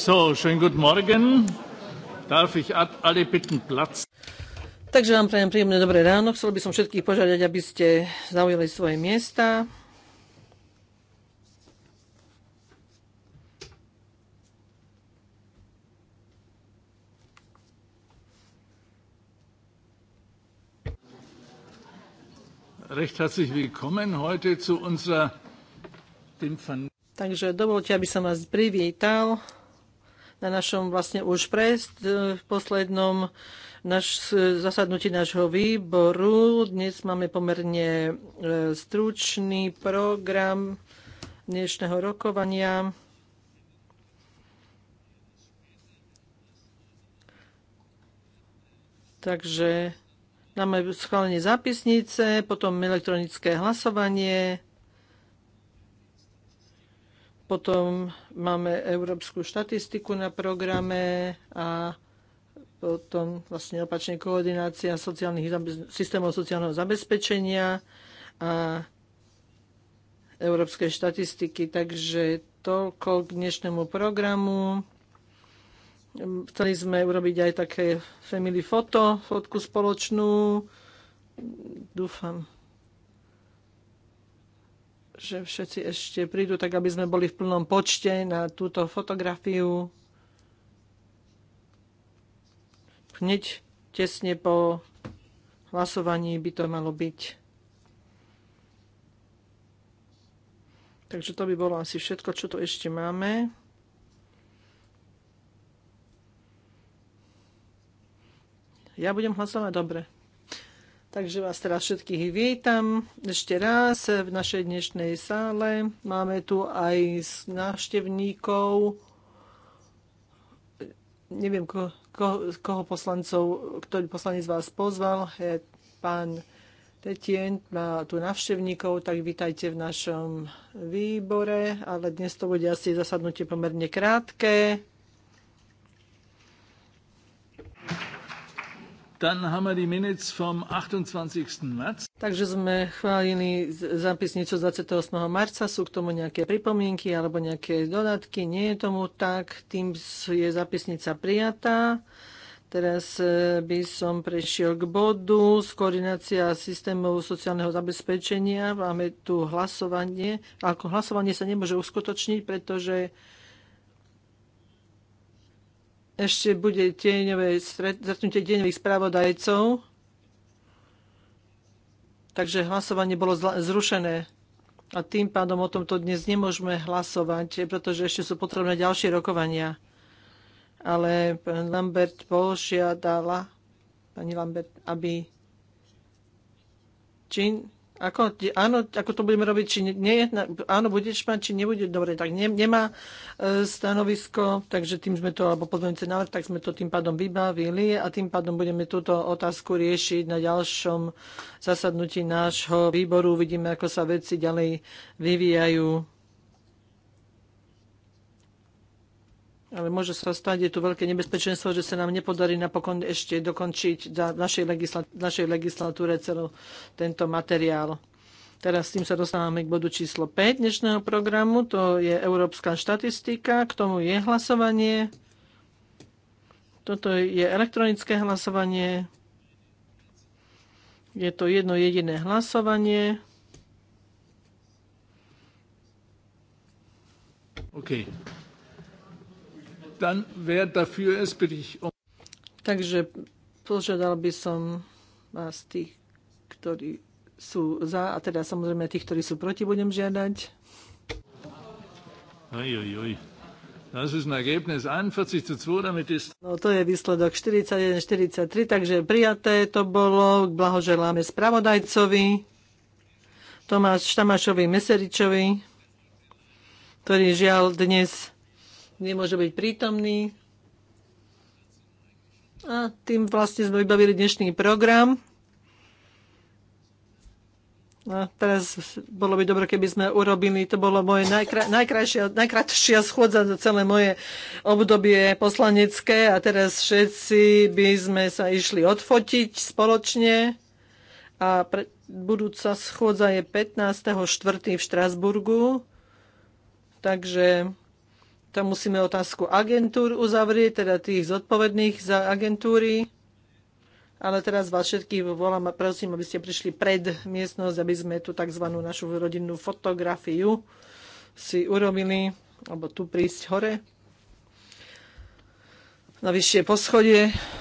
So, schönen guten Morgen. Darf ich alle bitten Platz? Takže vám prajem príjemné dobré ráno. Chcel by som všetkých požiadať, aby ste zaujali svoje miesta. Recht herzlich willkommen heute zu unserer dem Takže dovolte, aby som vás privítal na našom vlastne už prest e, v poslednom naš, e, zasadnutí nášho výboru. Dnes máme pomerne e, stručný program dnešného rokovania. Takže máme schválenie zápisnice, potom elektronické hlasovanie potom máme európsku štatistiku na programe a potom vlastne opačne koordinácia sociálnych, systémov sociálneho zabezpečenia a európskej štatistiky. Takže toľko k dnešnému programu. Chceli sme urobiť aj také family foto, fotku spoločnú. Dúfam že všetci ešte prídu, tak aby sme boli v plnom počte na túto fotografiu. Hneď tesne po hlasovaní by to malo byť. Takže to by bolo asi všetko, čo tu ešte máme. Ja budem hlasovať dobre. Takže vás teraz všetkých vítam ešte raz v našej dnešnej sále. Máme tu aj návštevníkov, neviem ko, ko, koho poslancov, ktorý poslanec vás pozval, je pán Tetien, má tu návštevníkov, tak vítajte v našom výbore, ale dnes to bude asi zasadnutie pomerne krátke. Takže sme chválili zápisnicu 28. marca. Sú k tomu nejaké pripomienky alebo nejaké dodatky? Nie je tomu tak. Tým je zápisnica prijatá. Teraz e, by som prešiel k bodu z koordinácia systémov sociálneho zabezpečenia. Máme tu hlasovanie. Ako hlasovanie sa nemôže uskutočniť, pretože ešte bude tieňové, stretnutie tieňových správodajcov. Takže hlasovanie bolo zrušené. A tým pádom o tomto dnes nemôžeme hlasovať, pretože ešte sú potrebné ďalšie rokovania. Ale pán Lambert požiadala pani Lambert, aby čin ako, áno, ako to budeme robiť, či nie, áno, budeš mať, či nebude, dobre, tak ne, nemá e, stanovisko, takže tým sme to, alebo pozmeňujúci návrh, tak sme to tým pádom vybavili a tým pádom budeme túto otázku riešiť na ďalšom zasadnutí nášho výboru. Vidíme, ako sa veci ďalej vyvíjajú. ale môže sa stať, je tu veľké nebezpečenstvo, že sa nám nepodarí napokon ešte dokončiť v našej, legislat- našej legislatúre celý tento materiál. Teraz s tým sa dostávame k bodu číslo 5 dnešného programu, to je európska štatistika, k tomu je hlasovanie. Toto je elektronické hlasovanie. Je to jedno jediné hlasovanie. OK. Dann, wer dafür ist, bitte ich um... Takže požiadal by som vás tých, ktorí sú za, a teda samozrejme tých, ktorí sú proti, budem žiadať. Oj, oj, oj. Das ist ein Ergebnis 41 zu 2, damit ist... No to je výsledok 41-43, takže prijaté to bolo. Blahoželáme spravodajcovi Tomáš Štamašovi Meseričovi, ktorý žiaľ dnes nemôže byť prítomný. A tým vlastne sme vybavili dnešný program. A teraz bolo by dobre, keby sme urobili, to bolo moje najkra- najkrajšia, schôdza za celé moje obdobie poslanecké a teraz všetci by sme sa išli odfotiť spoločne a pre- budúca schôdza je 15.4. v Štrasburgu, takže tam musíme otázku agentúr uzavrieť, teda tých zodpovedných za agentúry. Ale teraz vás všetkých volám a prosím, aby ste prišli pred miestnosť, aby sme tú tzv. našu rodinnú fotografiu si urobili, alebo tu prísť hore na vyššie poschodie.